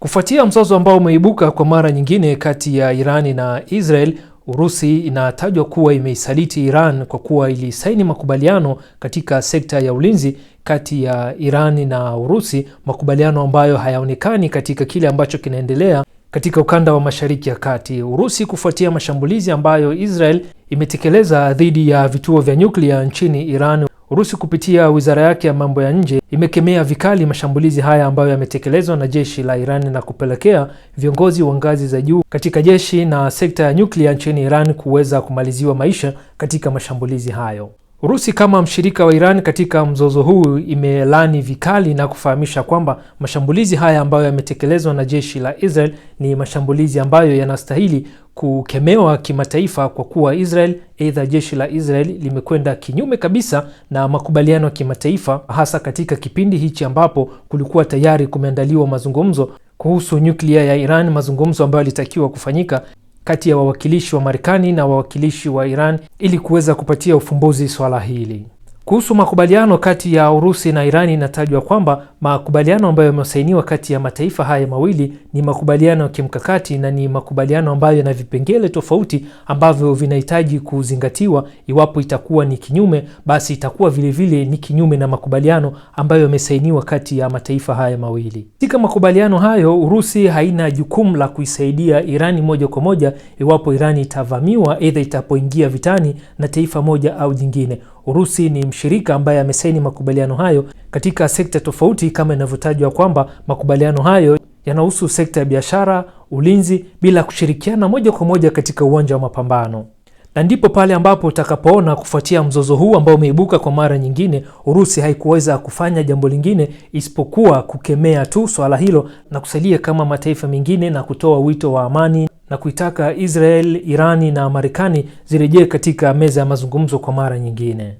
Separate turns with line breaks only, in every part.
Kufuatia mzozo ambao umeibuka kwa mara nyingine kati ya Irani na Israel, Urusi inatajwa kuwa imeisaliti Iran kwa kuwa ilisaini makubaliano katika sekta ya ulinzi kati ya iran na Urusi, makubaliano ambayo hayaonekani katika kile ambacho kinaendelea katika ukanda wa Mashariki ya Kati. Urusi kufuatia mashambulizi ambayo Israel imetekeleza dhidi ya vituo vya nyuklia nchini Iran Urusi kupitia wizara yake ya mambo ya nje imekemea vikali mashambulizi haya ambayo yametekelezwa na jeshi la Iran na kupelekea viongozi wa ngazi za juu katika jeshi na sekta ya nyuklia nchini Iran kuweza kumaliziwa maisha katika mashambulizi hayo. Urusi kama mshirika wa Iran katika mzozo huu imelani vikali na kufahamisha kwamba mashambulizi haya ambayo yametekelezwa na jeshi la Israel ni mashambulizi ambayo yanastahili kukemewa kimataifa kwa kuwa Israel, aidha jeshi la Israel limekwenda kinyume kabisa na makubaliano ya kimataifa, hasa katika kipindi hichi ambapo kulikuwa tayari kumeandaliwa mazungumzo kuhusu nyuklia ya Iran, mazungumzo ambayo yalitakiwa kufanyika kati ya wawakilishi wa Marekani na wawakilishi wa Iran ili kuweza kupatia ufumbuzi swala hili. Kuhusu makubaliano kati ya Urusi na Irani inatajwa kwamba makubaliano ambayo yamesainiwa kati ya mataifa haya mawili ni makubaliano ya kimkakati na ni makubaliano ambayo yana vipengele tofauti ambavyo vinahitaji kuzingatiwa. Iwapo itakuwa ni kinyume, basi itakuwa vilevile vile ni kinyume na makubaliano ambayo yamesainiwa kati ya mataifa haya mawili. Katika makubaliano hayo, Urusi haina jukumu la kuisaidia Irani moja kwa moja iwapo Irani itavamiwa, aidha itapoingia vitani na taifa moja au jingine. Urusi ni mshirika ambaye amesaini makubaliano hayo katika sekta tofauti, kama inavyotajwa kwamba makubaliano hayo yanahusu sekta ya biashara, ulinzi, bila kushirikiana moja kwa moja katika uwanja wa mapambano. Na ndipo pale ambapo utakapoona kufuatia mzozo huu ambao umeibuka kwa mara nyingine, Urusi haikuweza kufanya jambo lingine isipokuwa kukemea tu swala hilo na kusalia kama mataifa mengine na kutoa wito wa amani na kuitaka Israel, Irani na Marekani zirejee katika meza ya mazungumzo kwa mara nyingine.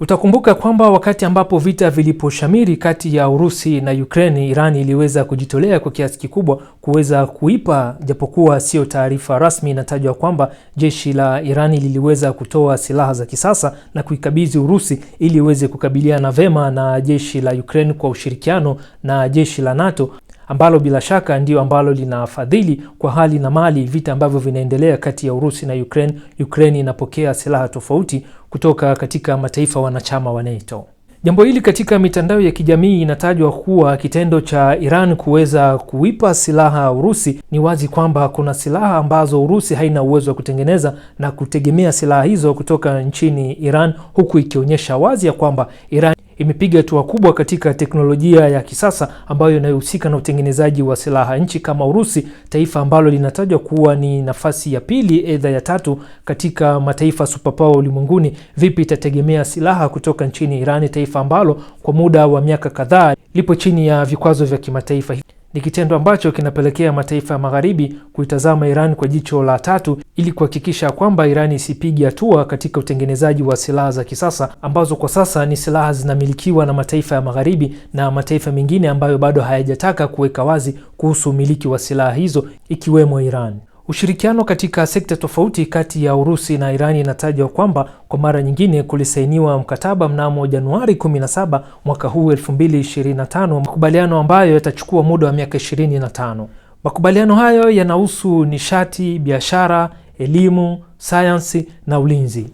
Utakumbuka kwamba wakati ambapo vita viliposhamiri kati ya Urusi na Ukraini, Irani iliweza kujitolea kwa kiasi kikubwa kuweza kuipa, japokuwa sio taarifa rasmi, inatajwa kwamba jeshi la Irani liliweza kutoa silaha za kisasa na kuikabidhi Urusi ili iweze kukabiliana vema na jeshi la Ukraini kwa ushirikiano na jeshi la NATO ambalo bila shaka ndio ambalo linafadhili kwa hali na mali vita ambavyo vinaendelea kati ya Urusi na Ukraine. Ukraine inapokea silaha tofauti kutoka katika mataifa wanachama wa NATO. Jambo hili katika mitandao ya kijamii inatajwa kuwa kitendo cha Iran kuweza kuipa silaha Urusi. Ni wazi kwamba kuna silaha ambazo Urusi haina uwezo wa kutengeneza na kutegemea silaha hizo kutoka nchini Iran, huku ikionyesha wazi ya kwamba Iran imepiga hatua kubwa katika teknolojia ya kisasa ambayo inayohusika na utengenezaji wa silaha. Nchi kama Urusi, taifa ambalo linatajwa kuwa ni nafasi ya pili edha ya tatu katika mataifa superpower ulimwenguni, vipi itategemea silaha kutoka nchini Irani, taifa ambalo kwa muda wa miaka kadhaa lipo chini ya vikwazo vya kimataifa ni kitendo ambacho kinapelekea mataifa ya magharibi kuitazama Iran kwa jicho la tatu ili kuhakikisha kwamba Iran isipige hatua katika utengenezaji wa silaha za kisasa ambazo kwa sasa ni silaha zinamilikiwa na mataifa ya magharibi na mataifa mengine ambayo bado hayajataka kuweka wazi kuhusu umiliki wa silaha hizo ikiwemo Iran. Ushirikiano katika sekta tofauti kati ya Urusi na Irani inatajwa kwamba kwa mara nyingine kulisainiwa mkataba mnamo Januari 17 mwaka huu 2025, makubaliano ambayo yatachukua muda wa miaka 25. Makubaliano hayo yanahusu nishati, biashara, elimu, sayansi na ulinzi.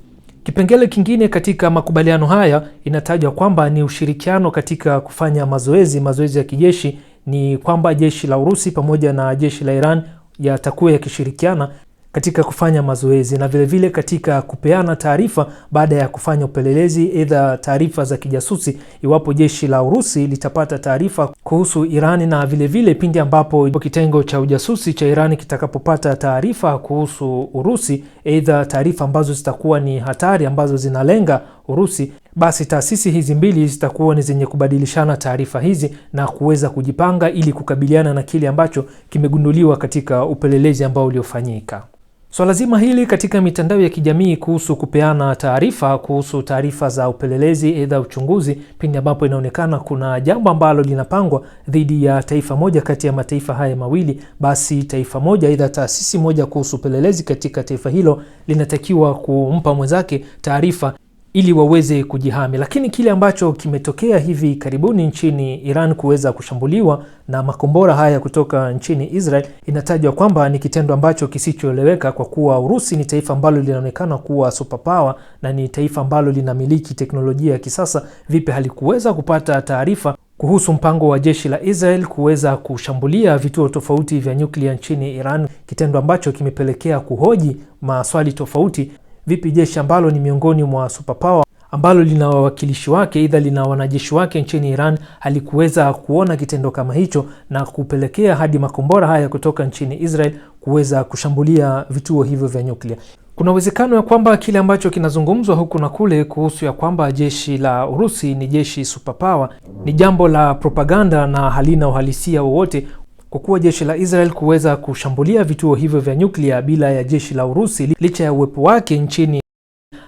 Kipengele kingine katika makubaliano haya inatajwa kwamba ni ushirikiano katika kufanya mazoezi, mazoezi ya kijeshi ni kwamba jeshi la Urusi pamoja na jeshi la Iran yatakuwa yakishirikiana katika kufanya mazoezi na vilevile vile katika kupeana taarifa baada ya kufanya upelelezi, aidha taarifa za kijasusi, iwapo jeshi la Urusi litapata taarifa kuhusu Irani, na vilevile vile pindi ambapo kitengo cha ujasusi cha Irani kitakapopata taarifa kuhusu Urusi, aidha taarifa ambazo zitakuwa ni hatari ambazo zinalenga Urusi, basi taasisi hizi mbili zitakuwa ni zenye kubadilishana taarifa hizi na kuweza kujipanga ili kukabiliana na kile ambacho kimegunduliwa katika upelelezi ambao uliofanyika. Swala so zima hili katika mitandao ya kijamii kuhusu kupeana taarifa kuhusu taarifa za upelelezi aidha uchunguzi, pindi ambapo inaonekana kuna jambo ambalo linapangwa dhidi ya taifa moja kati ya mataifa haya mawili, basi taifa moja aidha taasisi moja kuhusu upelelezi katika taifa hilo linatakiwa kumpa mwenzake taarifa ili waweze kujihami. Lakini kile ambacho kimetokea hivi karibuni nchini Iran kuweza kushambuliwa na makombora haya kutoka nchini Israel inatajwa kwamba ni kitendo ambacho kisichoeleweka, kwa kuwa Urusi ni taifa ambalo linaonekana kuwa superpower na ni taifa ambalo linamiliki teknolojia ya kisasa. Vipi halikuweza kupata taarifa kuhusu mpango wa jeshi la Israel kuweza kushambulia vituo tofauti vya nyuklia nchini Iran, kitendo ambacho kimepelekea kuhoji maswali tofauti Vipi jeshi ambalo ni miongoni mwa superpower ambalo lina wawakilishi wake aidha lina wanajeshi wake nchini Iran halikuweza kuona kitendo kama hicho na kupelekea hadi makombora haya kutoka nchini Israel kuweza kushambulia vituo hivyo vya nyuklia. Kuna uwezekano ya kwamba kile ambacho kinazungumzwa huku na kule kuhusu ya kwamba jeshi la Urusi ni jeshi superpower ni jambo la propaganda na halina uhalisia wowote, kwa kuwa jeshi la Israel kuweza kushambulia vituo hivyo vya nyuklia bila ya jeshi la Urusi licha ya uwepo wake nchini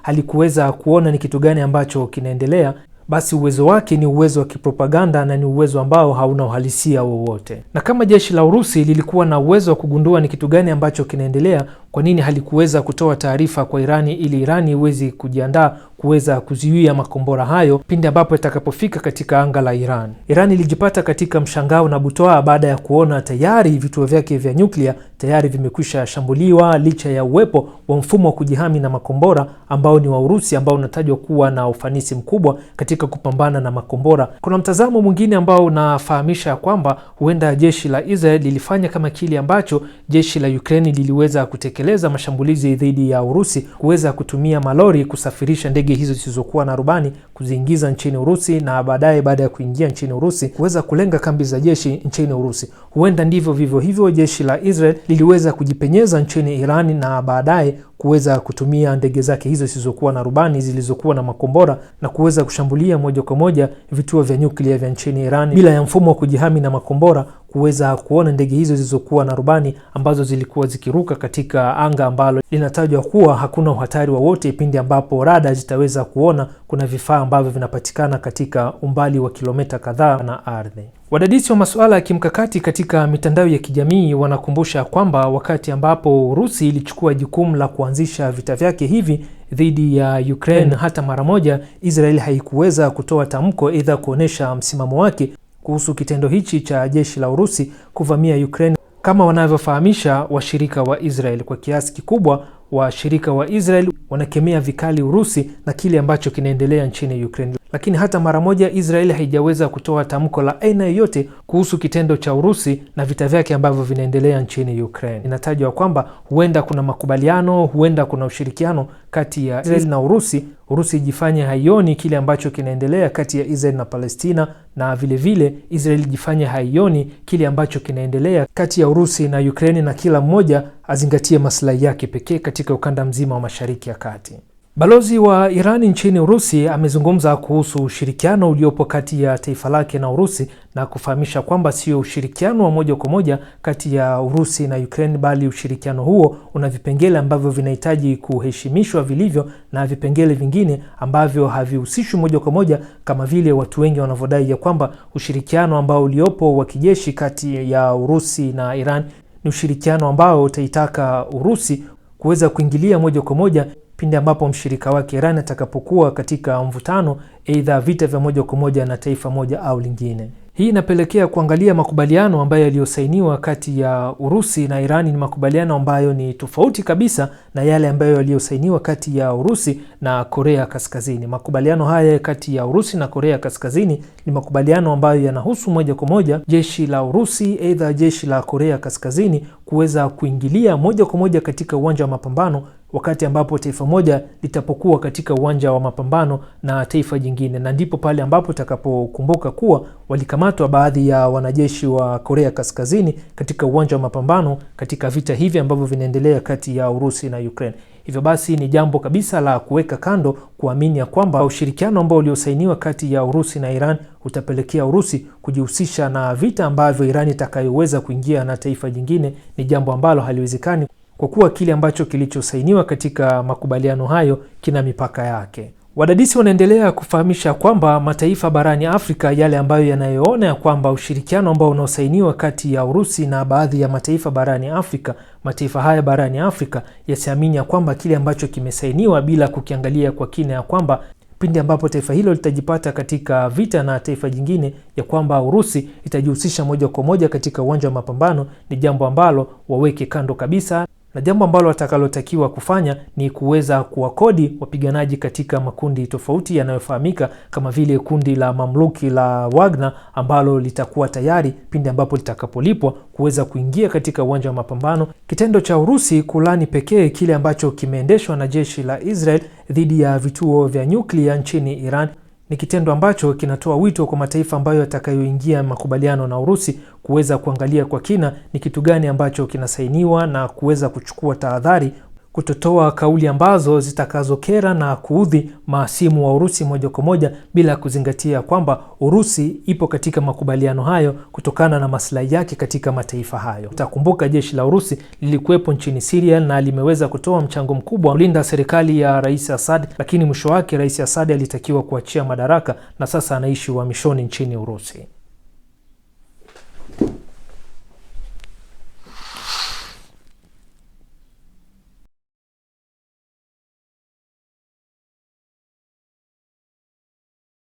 halikuweza kuona ni kitu gani ambacho kinaendelea, basi uwezo wake ni uwezo wa kipropaganda na ni uwezo ambao hauna uhalisia wowote. Na kama jeshi la Urusi lilikuwa na uwezo wa kugundua ni kitu gani ambacho kinaendelea, kwa nini halikuweza kutoa taarifa kwa Irani ili Irani iwezi kujiandaa kuweza kuzuia makombora hayo pindi ambapo yatakapofika katika anga la Iran. Iran ilijipata katika mshangao na butwaa baada ya kuona tayari vituo vyake vya nyuklia tayari vimekwisha shambuliwa licha ya uwepo wa mfumo wa kujihami na makombora ambao ni wa Urusi ambao unatajwa kuwa na ufanisi mkubwa katika kupambana na makombora. Kuna mtazamo mwingine ambao unafahamisha kwamba huenda jeshi la Israel lilifanya kama kile ambacho jeshi la Ukraine liliweza kutekeleza kutekeleza mashambulizi dhidi ya Urusi kuweza kutumia malori kusafirisha ndege hizo zisizokuwa na rubani kuziingiza nchini Urusi na baadaye, baada ya kuingia nchini Urusi, kuweza kulenga kambi za jeshi nchini Urusi. Huenda ndivyo vivyo hivyo jeshi la Israel liliweza kujipenyeza nchini Irani na baadaye kuweza kutumia ndege zake hizo zisizokuwa na rubani zilizokuwa na makombora na kuweza kushambulia moja kwa moja vituo vya nyuklia vya nchini Irani bila ya mfumo wa kujihami na makombora kuweza kuona ndege hizo zilizokuwa na rubani ambazo zilikuwa zikiruka katika anga ambalo linatajwa kuwa hakuna uhatari wowote, pindi ambapo rada zitaweza kuona kuna vifaa ambavyo vinapatikana katika umbali wa kilomita kadhaa na ardhi. Wadadisi wa masuala ya kimkakati katika mitandao ya kijamii wanakumbusha kwamba wakati ambapo Urusi ilichukua jukumu la kuanzisha vita vyake hivi dhidi ya Ukraine, hata mara moja Israel haikuweza kutoa tamko, aidha kuonyesha msimamo wake kuhusu kitendo hichi cha jeshi la Urusi kuvamia Ukraine kama wanavyofahamisha washirika wa Israel. Kwa kiasi kikubwa washirika wa Israel wanakemea vikali Urusi na kile ambacho kinaendelea nchini Ukraine, lakini hata mara moja Israel haijaweza kutoa tamko la aina yoyote kuhusu kitendo cha Urusi na vita vyake ambavyo vinaendelea nchini Ukraine. Inatajwa kwamba huenda kuna makubaliano, huenda kuna ushirikiano kati ya Israel na Urusi Urusi ijifanye haioni kile ambacho kinaendelea kati ya Israel na Palestina, na vilevile vile, Israel ijifanye haioni kile ambacho kinaendelea kati ya Urusi na Ukraini, na kila mmoja azingatie maslahi yake pekee katika ukanda mzima wa Mashariki ya Kati. Balozi wa Iran nchini Urusi amezungumza kuhusu ushirikiano uliopo kati ya taifa lake na Urusi na kufahamisha kwamba sio ushirikiano wa moja kwa moja kati ya Urusi na Ukraine, bali ushirikiano huo una vipengele ambavyo vinahitaji kuheshimishwa vilivyo na vipengele vingine ambavyo havihusishwi moja kwa moja, kama vile watu wengi wanavyodai ya kwamba ushirikiano ambao uliopo wa kijeshi kati ya Urusi na Iran ni ushirikiano ambao utaitaka Urusi kuweza kuingilia moja kwa moja pindi ambapo mshirika wake Iran atakapokuwa katika mvutano, aidha vita vya moja kwa moja na taifa moja au lingine. Hii inapelekea kuangalia makubaliano ambayo yaliyosainiwa kati ya Urusi na iran ni makubaliano ambayo ni tofauti kabisa na yale ambayo yaliyosainiwa kati ya Urusi na Korea Kaskazini. Makubaliano haya kati ya Urusi na Korea Kaskazini ni makubaliano ambayo yanahusu moja kwa moja jeshi la Urusi, aidha jeshi la Korea Kaskazini kuweza kuingilia moja kwa moja katika uwanja wa mapambano wakati ambapo taifa moja litapokuwa katika uwanja wa mapambano na taifa jingine, na ndipo pale ambapo takapokumbuka kuwa walikamatwa baadhi ya wanajeshi wa Korea Kaskazini katika uwanja wa mapambano katika vita hivi ambavyo vinaendelea kati ya Urusi na Ukraine. Hivyo basi ni jambo kabisa la kuweka kando kuamini ya kwamba ushirikiano ambao uliosainiwa kati ya Urusi na Iran utapelekea Urusi kujihusisha na vita ambavyo Iran itakayoweza kuingia na taifa jingine, ni jambo ambalo haliwezekani kwa kuwa kile ambacho kilichosainiwa katika makubaliano hayo kina mipaka yake. Wadadisi wanaendelea kufahamisha kwamba mataifa barani Afrika yale ambayo yanayoona ya kwamba ushirikiano ambao unaosainiwa kati ya Urusi na baadhi ya mataifa barani Afrika, mataifa haya barani Afrika yasiamini ya kwamba kile ambacho kimesainiwa bila kukiangalia kwa kina ya kwamba pindi ambapo taifa hilo litajipata katika vita na taifa jingine, ya kwamba Urusi itajihusisha moja kwa moja katika uwanja wa mapambano, ni jambo ambalo waweke kando kabisa na jambo ambalo watakalotakiwa kufanya ni kuweza kuwakodi wapiganaji katika makundi tofauti yanayofahamika kama vile kundi la mamluki la wagna ambalo litakuwa tayari pindi ambapo litakapolipwa kuweza kuingia katika uwanja wa mapambano. Kitendo cha Urusi kulani pekee kile ambacho kimeendeshwa na jeshi la Israel dhidi ya vituo vya nyuklia nchini Iran ni kitendo ambacho kinatoa wito kwa mataifa ambayo yatakayoingia makubaliano na Urusi kuweza kuangalia kwa kina ni kitu gani ambacho kinasainiwa na kuweza kuchukua tahadhari kutotoa kauli ambazo zitakazokera na kuudhi maasimu wa Urusi moja kwa moja bila kuzingatia kwamba Urusi ipo katika makubaliano hayo kutokana na maslahi yake katika mataifa hayo. Takumbuka jeshi la Urusi lilikuwepo nchini siria na limeweza kutoa mchango mkubwa kulinda serikali ya Rais Assad, lakini mwisho wake Rais Assad alitakiwa kuachia madaraka na sasa anaishi uhamishoni nchini Urusi.